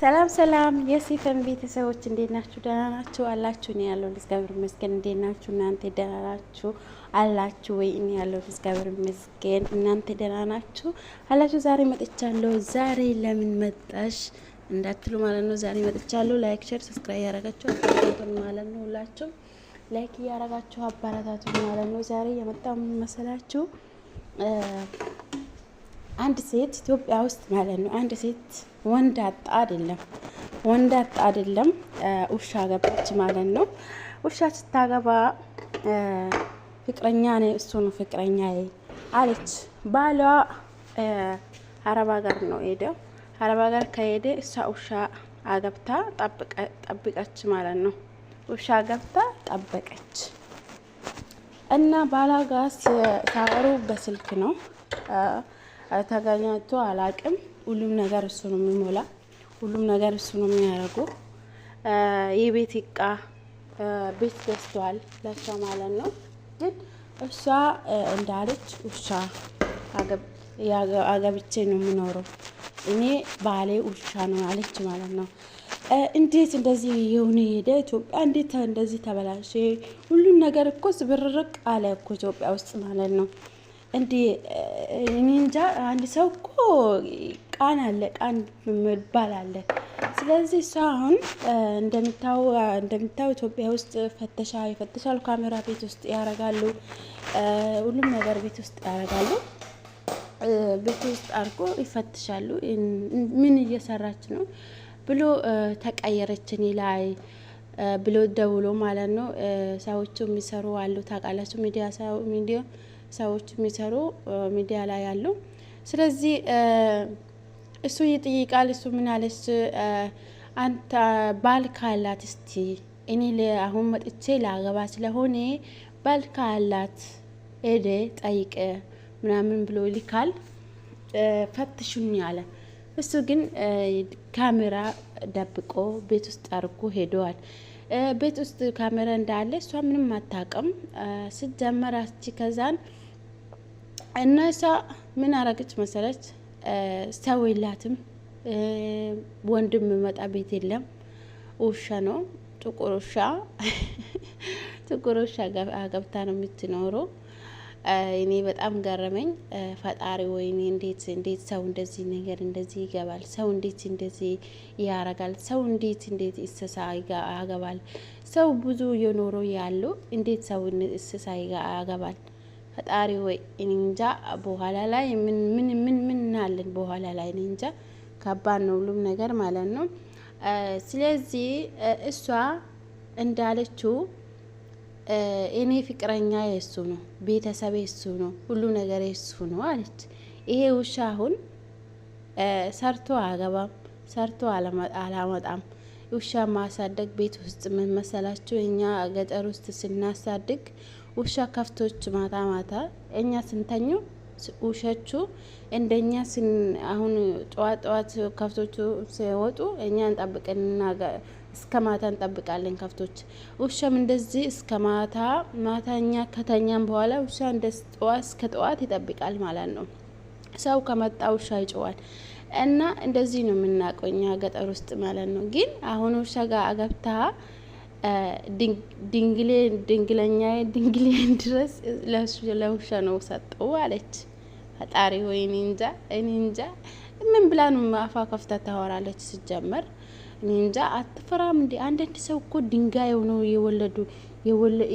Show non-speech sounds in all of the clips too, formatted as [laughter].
ሰላም ሰላም የሲፈን ቤተሰቦች እንዴት ናችሁ? ደህና ናችሁ አላችሁ? እኔ ያለው እግዚአብሔር ይመስገን። እንዴት ናችሁ እናንተ? ደህና ናችሁ አላችሁ ወይ? እኔ ያለው እግዚአብሔር ይመስገን። እናንተ ደህና ናችሁ አላችሁ? ዛሬ መጥቻለሁ። ዛሬ ለምን መጣሽ እንዳትሉ ማለት ነው። ዛሬ መጥቻለሁ። ላይክ፣ ሼር፣ ሰብስክራይብ ያደረጋችሁ አጥቶን ማለት ነው። ሁላችሁ ላይክ እያደረጋችሁ አባላታችሁ ማለት ነው። ዛሬ የመጣው ምን መሰላችሁ አንድ ሴት ኢትዮጵያ ውስጥ ማለት ነው አንድ ሴት ወንድ አጣ አይደለም፣ ወንድ አጣ አይደለም፣ ውሻ ገባች ማለት ነው። ውሻ ስታገባ ፍቅረኛ ነ እሱ ነው ፍቅረኛ አለች። ባሏ አረብ ሀገር ነው ሄደው አረብ ሀገር ከሄደ እሷ ውሻ አገብታ ጠብቀች ማለት ነው። ውሻ ገብታ ጠበቀች እና ባሏ ጋር ሲያወሩ በስልክ ነው ተገናኝቶ አላቅም። ሁሉም ነገር እሱ ነው የሚሞላ፣ ሁሉም ነገር እሱ ነው የሚያደርጉ የቤት እቃ ቤት ገዝተዋል ለእሷ ማለት ነው። ግን እሷ እንዳለች ውሻ አገብቼ ነው የምኖረው እኔ ባሌ ውሻ ነው አለች ማለት ነው። እንዴት እንደዚህ የሆነ ሄደ ኢትዮጵያ እንዴት እንደዚህ ተበላሸ? ሁሉም ነገር እኮ ዝብርርቅ አለ እኮ ኢትዮጵያ ውስጥ ማለት ነው። እንዴ እንጃ። አንድ ሰው እኮ ቃን አለ ቃን መባል አለ። ስለዚህ እሷ አሁን እንደምታው ኢትዮጵያ ውስጥ ፈተሻ ይፈተሻሉ፣ ካሜራ ቤት ውስጥ ያረጋሉ፣ ሁሉም ነገር ቤት ውስጥ ያረጋሉ። ቤት ውስጥ አድርጎ ይፈትሻሉ። ምን እየሰራች ነው ብሎ ተቀየረችን ይላይ ብሎ ደውሎ ማለት ነው። ሰዎቹ የሚሰሩ አሉ ታውቃላችሁ፣ ሚዲያ ሰዎች የሚሰሩ ሚዲያ ላይ ያሉ። ስለዚህ እሱ ይጠይቃል። እሱ ምን አለች? አንተ ባል ካላት እስቲ እኔ አሁን መጥቼ ላገባ ስለሆነ ባል ካላት ሄደ ጠይቀ ምናምን ብሎ ይልካል። ፈትሹኝ አለ። እሱ ግን ካሜራ ደብቆ ቤት ውስጥ አድርጎ ሄደዋል። ቤት ውስጥ ካሜራ እንዳለ እሷ ምንም አታውቅም ስትጀመራች። ከዛን እና እሷ ምን አረገች መሰለች፣ ሰው የላትም፣ ወንድም መጣ ቤት የለም። ውሻ ነው ጥቁር ውሻ፣ [laughs] ጥቁር ውሻ ገብታ ነው የምትኖረው። እኔ በጣም ገረመኝ። ፈጣሪ ወይኔ እንዴት እንዴት ሰው እንደዚህ ነገር እንደዚህ ይገባል? ሰው እንዴት እንደዚህ ያረጋል? ሰው እንዴት እንዴት እንስሳ ያገባል? ሰው ብዙ የኖሮ ያለው እንዴት ሰው እንስሳ ያገባል? ፈጣሪ ወይ እንጃ። በኋላ ላይ ምን ምን ምን አለን? በኋላ ላይ እንጃ። ከባድ ነው ሁሉም ነገር ማለት ነው። ስለዚህ እሷ እንዳለችው እኔ ፍቅረኛ የሱ ነው፣ ቤተሰብ የሱ ነው፣ ሁሉ ነገር የሱ ነው አለች። ይሄ ውሻ አሁን ሰርቶ አገባም ሰርቶ አላመጣም። ውሻ ማሳደግ ቤት ውስጥ ምን መሰላችሁ? እኛ ገጠር ውስጥ ስናሳድግ ውሻ ከፍቶች ማታ ማታ እኛ ስንተኙ ውሾቹ እንደኛ አሁን ጠዋት ጠዋት ከብቶቹ ሲወጡ እኛ እንጠብቅን እስከ ማታ እንጠብቃለን። ከብቶች ውሻም እንደዚህ እስከ ማታ ማታኛ ከተኛም በኋላ ውሻ እንደ ጠዋት እስከ ጠዋት ይጠብቃል ማለት ነው። ሰው ከመጣ ውሻ ይጮዋል። እና እንደዚህ ነው የምናውቀው እኛ ገጠር ውስጥ ማለት ነው። ግን አሁን ውሻ ጋር አገብታ ድንግሌ ድንግለኛ ድንግሌን ድረስ ለሱ ለውሻ ነው ሰጠው አለች። ፈጣሪ ሆይ እኔ እንጃ እኔ እንጃ። ምን ብላ ነው አፋ ከፍታ ታወራለች? ስጀመር እኔ እንጃ። አትፈራም እንዴ? አንዳንድ ሰው እኮ ድንጋይ ሆነው የወለዱ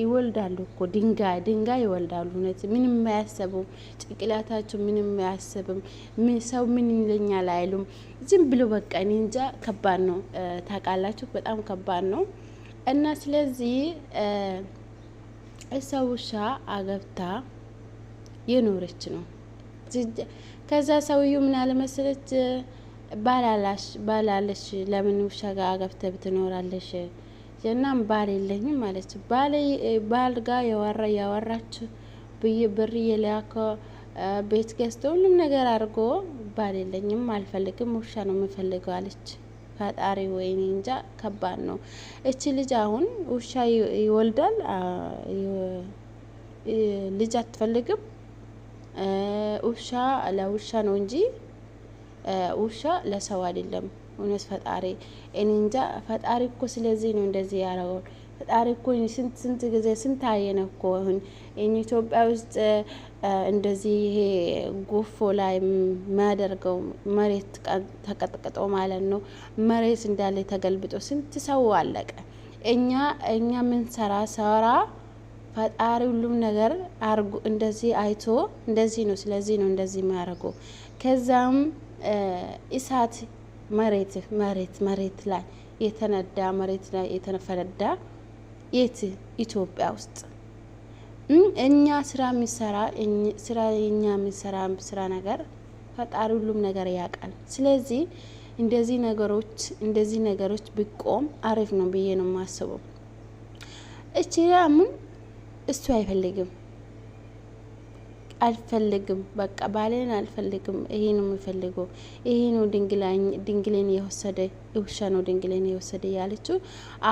ይወልዳሉ እኮ ድንጋይ ድንጋይ ይወልዳሉ። እውነት ምንም አያሰቡም፣ ጭንቅላታቸው ምንም አያሰብም። ሰው ምን ይለኛል አይሉም። ዝም ብሎ በቃ እኔ እንጃ። ከባድ ነው ታውቃላችሁ፣ በጣም ከባድ ነው። እና ስለዚህ እሷ ውሻ አገብታ የኖረች ነው። ከዛ ሰውዬው ምን አለ ባላላሽ ባላለሽ ለምን ውሻ ጋር አገብተ ብትኖራለሽ? እናም ባል የለኝም ማለች። ባል ጋር የዋራ እያወራች ብይ ብር የላከ ቤት ገዝቶ ሁሉም ነገር አድርጎ ባል የለኝም አልፈልግም፣ ውሻ ነው የምፈልገው አለች። ፈጣሪ ወይኔ እንጃ ከባድ ነው። እቺ ልጅ አሁን ውሻ ይወልዳል፣ ልጅ አትፈልግም። ውሻ ለውሻ ነው እንጂ ውሻ ለሰው አይደለም። እውነት ፈጣሪ እኔ እንጃ ፈጣሪ እኮ ስለዚህ ነው እንደዚህ ያደረገው። ፈጣሪ እኮ ስንት ስንት ጊዜ ስንት አየነ እኮ አሁን ኢትዮጵያ ውስጥ እንደዚህ ይሄ ጎፎ ላይ የሚያደርገው መሬት ተቀጥቅጦ ማለት ነው። መሬት እንዳለ ተገልብጦ ስንት ሰው አለቀ። እኛ እኛ ምን ሰራ ሰራ ፈጣሪ ሁሉም ነገር አርጉ እንደዚህ አይቶ እንደዚህ ነው፣ ስለዚህ ነው እንደዚህ የሚያደርገው። ከዛም እሳት መሬት መሬት መሬት ላይ የተነዳ መሬት ላይ የተፈነዳ የት ኢትዮጵያ ውስጥ እኛ ስራ የሚሰራ ስራ የኛ የሚሰራ ስራ ነገር ፈጣሪ ሁሉም ነገር ያውቃል። ስለዚህ እንደዚህ ነገሮች እንደዚህ ነገሮች ቢቆም አሪፍ ነው ብዬ ነው የማስበው። እቺ አሁን እሱ አይፈልግም አልፈልግም፣ በቃ ባሌን አልፈልግም፣ ይሄ ነው የምፈልገው፣ ይሄ ነው ድንግሌን የወሰደ ውሻ ነው ድንግሌን የወሰደ ያለችው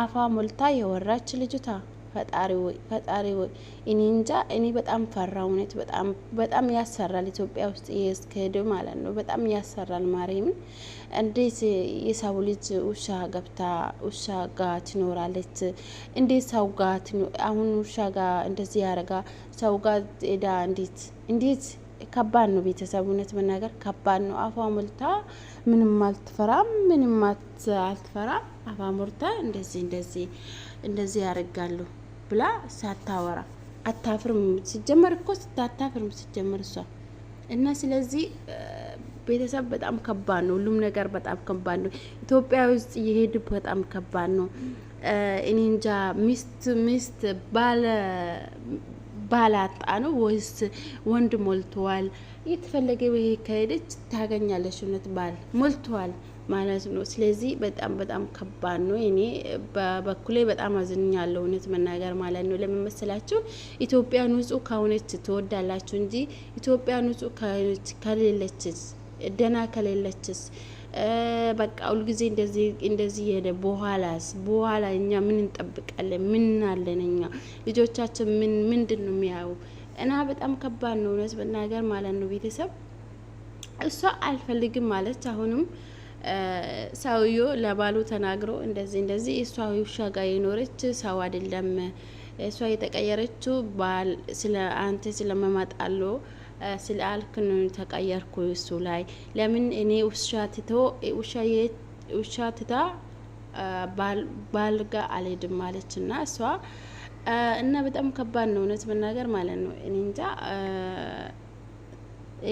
አፋ ሞልታ የወራች ልጅታ ፈጣሪ ወይ ፈጣሪ ወይ እኔ እንጃ። እኔ በጣም ፈራ እውነት፣ በጣም በጣም ያሰራል። ኢትዮጵያ ውስጥ የስከሄደ ማለት ነው በጣም ያሰራል። ማርያምን እንዴት የሰው ልጅ ውሻ ገብታ ውሻ ጋ ትኖራለች? እንዴት ሰው ጋ አሁን ውሻ ጋ እንደዚህ ያደርጋ ሰው ጋ ጤዳ እንዴት እንዴት ከባድ ነው። ቤተሰብ እውነት መናገር ከባድ ነው። አፏ ሞልታ ምንም አልትፈራም፣ ምንም አልትፈራም። አፏ ሞልታ እንደዚህ እንደዚህ እንደዚህ ያደርጋሉ። ብላ ሳታወራ አታፍርም። ስጀመር እኮ ስታታፍርም ስጀመር እሷ እና ስለዚህ ቤተሰብ በጣም ከባድ ነው። ሁሉም ነገር በጣም ከባድ ነው። ኢትዮጵያ ውስጥ እየሄድ በጣም ከባድ ነው። እኔ እንጃ ሚስት ሚስት ባለ ባላጣ ነው ወይስ ወንድ ሞልተዋል? እየተፈለገ ይሄ ከሄደች ታገኛለች። እውነት ባል ሞልተዋል። ማለት ነው። ስለዚህ በጣም በጣም ከባድ ነው። እኔ በበኩሌ በጣም አዝኛለሁ፣ እውነት መናገር ማለት ነው። ለምን መሰላችሁ? ኢትዮጵያ ንጹህ ከሆነች ትወዳላችሁ እንጂ ኢትዮጵያ ንጹህ ከሌለችስ ደና ከሌለችስ በቃ ሁልጊዜ እንደዚህ እንደዚህ ሄደ በኋላስ በኋላ እኛ ምን እንጠብቃለን? ምን አለን እኛ ልጆቻችን ምን ምንድን ነው የሚያዩ እና በጣም ከባድ ነው እውነት መናገር ማለት ነው። ቤተሰብ እሷ አልፈልግም ማለች አሁንም ሰውዮ ለባሉ ተናግሮ እንደዚህ እንደዚህ እሷ ውሻ ጋር የኖረች ሰው አይደለም፣ እሷ የተቀየረችው ባል ስለ አንተ ስለመማጣሎ ስለ አልክን ተቀየርኩ። እሱ ላይ ለምን እኔ ውሻ ትቶ ውሻ ትታ ባል ጋር አልሄድም ማለች ና እሷ እና በጣም ከባድ ነው እውነት መናገር ማለት ነው። እኔ እንጃ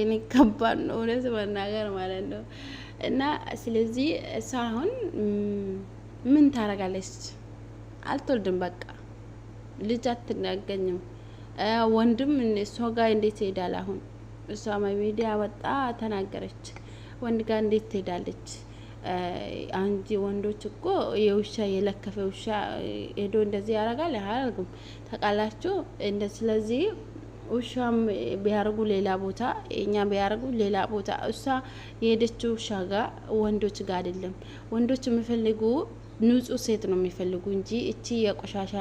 እኔ ከባድ ነው እውነት መናገር ማለት ነው። እና ስለዚህ እሷ አሁን ምን ታረጋለች? አልትወልድም በቃ ልጅ አትናገኝም። ወንድም እሷ ጋር እንዴት ትሄዳል? አሁን እሷ ሚዲያ ወጣ ተናገረች። ወንድ ጋር እንዴት ትሄዳለች? አንጂ ወንዶች እኮ የውሻ የለከፈ ውሻ ሄዶ እንደዚህ ያደርጋል። አያደርግም። ታውቃላችሁ እንደ ስለዚህ ውሻም ቢያርጉ ሌላ ቦታ እኛ ቢያርጉ ሌላ ቦታ እሷ የሄደችው ውሻ ጋ ወንዶች ጋ አይደለም። ወንዶች የሚፈልጉ ንጹህ ሴት ነው የሚፈልጉ እንጂ እቺ የቆሻሻ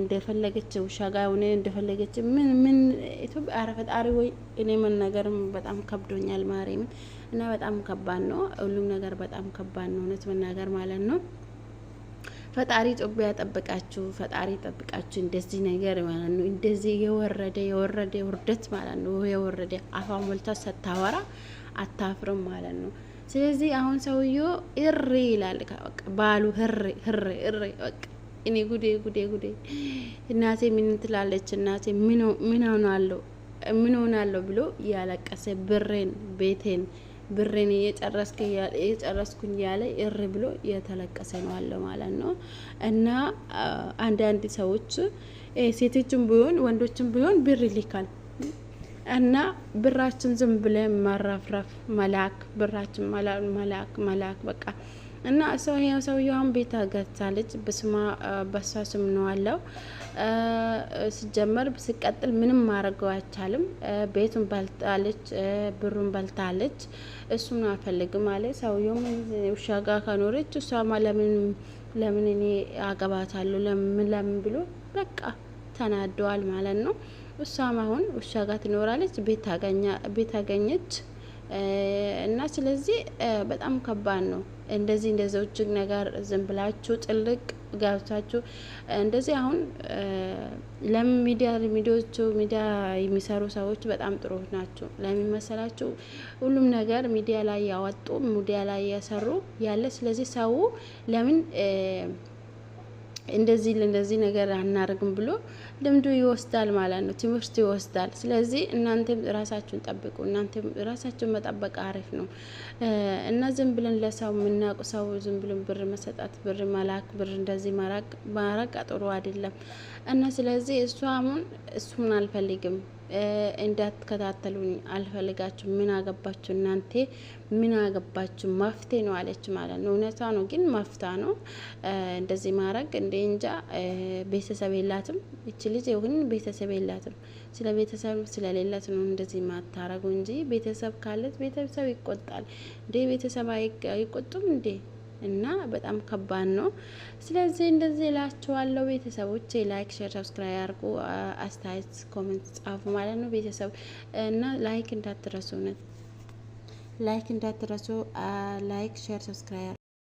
እንደፈለገች ውሻ ጋ ሆነ እንደፈለገች ምን ምን ኢትዮጵያ አረ ወይ እኔ ምን ነገር በጣም ከብዶኛል ማርያምን እና በጣም ከባድ ነው። ሁሉም ነገር በጣም ከባድ ነው እውነት መናገር ማለት ነው። ፈጣሪ ኢትዮጵያ ያጠብቃችሁ፣ ፈጣሪ ጠብቃችሁ። እንደዚህ ነገር ማለት ነው እንደዚህ የወረደ የወረደ ውርደት ማለት ነው የወረደ አፋ ሞልታ ስታወራ አታፍርም ማለት ነው። ስለዚህ አሁን ሰውዮ እሪ ይላል ባሉ ህሪ ህሪ እሪ እኔ ጉዴ ጉዴ ጉዴ እናቴ ምን ትላለች እናቴ ምን ሆናለሁ ምን ሆናለሁ ብሎ እያለቀሰ ብሬን ቤቴን ብሬን እየጨረስኩኝ ያለ እር ብሎ እየተለቀሰ ነው አለ ማለት ነው። እና አንዳንድ ሰዎች ሴቶችም ቢሆን ወንዶችም ቢሆን ብር ይልካል እና ብራችን ዝም ብለን መረፍረፍ መላክ ብራችን መላክ መላክ በቃ እና ሰው ይሄው ሰውየውን ቤት ገዝታለች። በስማ በሷ ስም ነው አለው። ሲጀመር ሲቀጥል ምንም ማድረገው አይቻልም። ቤቱን በልታለች፣ ብሩን በልታለች። እሱን አልፈልግም አለ ሰውየውም። ውሻ ጋር ከኖረች እሷ ለምን ለምን እኔ አገባታለሁ ለምን ለምን ብሎ በቃ ተናደዋል ማለት ነው። እሷም አሁን ውሻ ጋር ትኖራለች፣ ቤት አገኘች። እና ስለዚህ በጣም ከባድ ነው። እንደዚህ እንደዚህ እጅግ ነገር ዝም ብላችሁ ጥልቅ ገብታችሁ እንደዚህ አሁን ለምን ሚዲያ ሚዲያዎቹ ሚዲያ የሚሰሩ ሰዎች በጣም ጥሩ ናቸው። ለምን መሰላችሁ? ሁሉም ነገር ሚዲያ ላይ ያወጡ ሚዲያ ላይ ያሰሩ ያለ ስለዚህ ሰው ለምን እንደዚህ እንደዚህ ነገር አናርግም ብሎ ልምዱ ይወስዳል ማለት ነው፣ ትምህርቱ ይወስዳል። ስለዚህ እናንተም ራሳችሁን ጠብቁ። እናንተም ራሳችሁን መጠበቅ አሪፍ ነው እና ዝም ብለን ለሰው የምናውቁ ሰው ዝም ብለን ብር መሰጣት፣ ብር መላክ፣ ብር እንደዚህ ማራቅ ጥሩ አይደለም እና ስለዚህ እሱ አሁን እሱን አልፈልግም እንዳትከታተሉኝ አልፈልጋችሁ። ምን አገባችሁ እናንተ ምን አገባችሁ? መፍትሄ ነው አለች ማለት ነው። እውነታ ነው፣ ግን መፍታ ነው እንደዚህ ማድረግ እንደ እንጃ ቤተሰብ የላትም እች ልጅ ይሁን ቤተሰብ የላትም። ስለ ቤተሰብ ስለሌላት ነው እንደዚህ ማታረጉ እንጂ ቤተሰብ ካለት ቤተሰብ ይቆጣል እንዴ? ቤተሰብ አይቆጡም እንዴ? እና በጣም ከባድ ነው። ስለዚህ እንደዚህ እላችኋለሁ ቤተሰቦች፣ ላይክ፣ ሼር፣ ሰብስክራይብ አድርጉ። አስተያየት ኮሜንት ጻፉ ማለት ነው ቤተሰብ እና ላይክ እንዳትረሱ ላይክ እንዳትረሱ ላይክ ሼር፣ ሰብስክራይብ